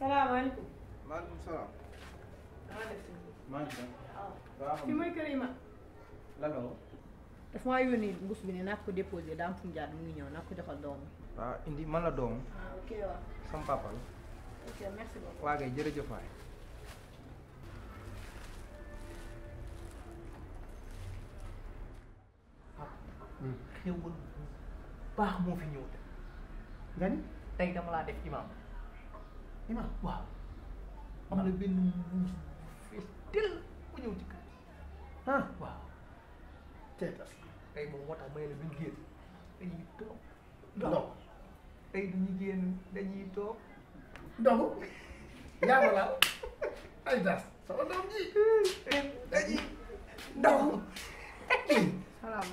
salaamaaleykum. maaleykum salaam. maa ah. ngi fi. maa ngi fi. waaw fi ma. lan mbuus bi ne naa ko déposé daa am mu ngi ñëw naa ko joxal doomu. waaw indi man la doomu. ah ok merci beaucoup. waa kay jërëjëf waay. Ah, xéwal bu baax moo fi ñëw de. nga ni tey dama laa def imaam. imam waaw am na benn muus fees tel bu ñëw ci kër ah waaw teetas tey moom moo tax may la duñ yaa wala ay das sama doom ji dañuy salaam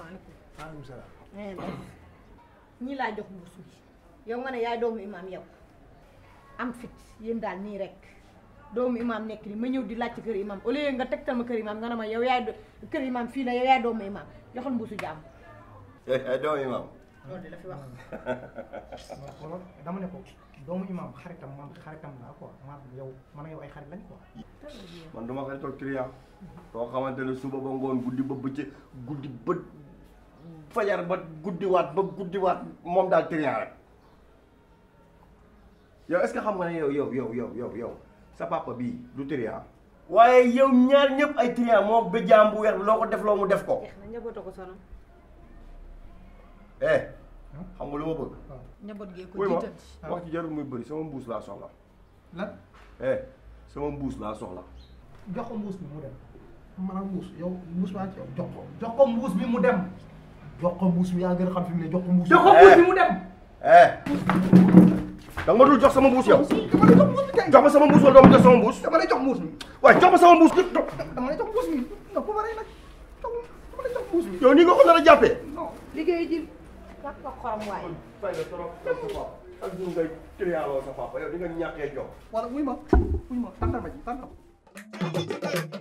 eh, ñii laa jox mbuus bi yow nga ne yaay doomu imam yow am fit yeen dal ni rek doom imam nek ni ma ñew di lacc ci kër imaam au lieu nga tektal ma kër imam nga na ma yow yaay kër imam fii la yow yaay doomu imaam joxal mbuusu jàmm. ay eh, eh, doomu imaam. loolu de la fi wax. dama ne ko doomu imaam xaritam man xaritam la quoi man yow man yow ay xarit lañ quoi. man duma xarital client. koo xamante ne suba ba ngoon guddi ba bëccëg guddi ba fajar ba guddiwaat ba guddiwaat moom daal client rek. Yo, est ce que xam nga ne yo yo yo yo yow yow sa papa bii du triant waaye yow ñaar ñëpp ay triant moo ba jaam bu weer def lo mu def ko. eh hmm? xam nga lu ma bëgg. Ah. njaboot gee ko jiital ma wax ci jarul muy bëri sama mbuus laa soxla. lan. eh sama mbuus laa soxla. jox ko mbuus bi mu dem maanaam mbuus yow mbuus maa ci yow jox ko jox ko mbuus bi mu dem jox ko mbuus bi yaa gën xam fi mu ne ko mbuus. jox ko mbuus bi mu dem. eh danga ma dul jox sama mbuus yow. jox ma sama mbuus wala doo ma jox sama mbuus. dama lay jox mbuus mi. waaye jox ma sama mbuus lépp dama lay jox mbuus mi. non bu paree nag dama lay jox mbuus mi. yow nii nga ko nar a jàppee. non liggéey ji. wax nga xorom waaye. fay nga trop ak ñu ngay trialoo sa papa yow di nga ñàkkee jox. wala wuy ma wuy ma tàntal ma ji tàntal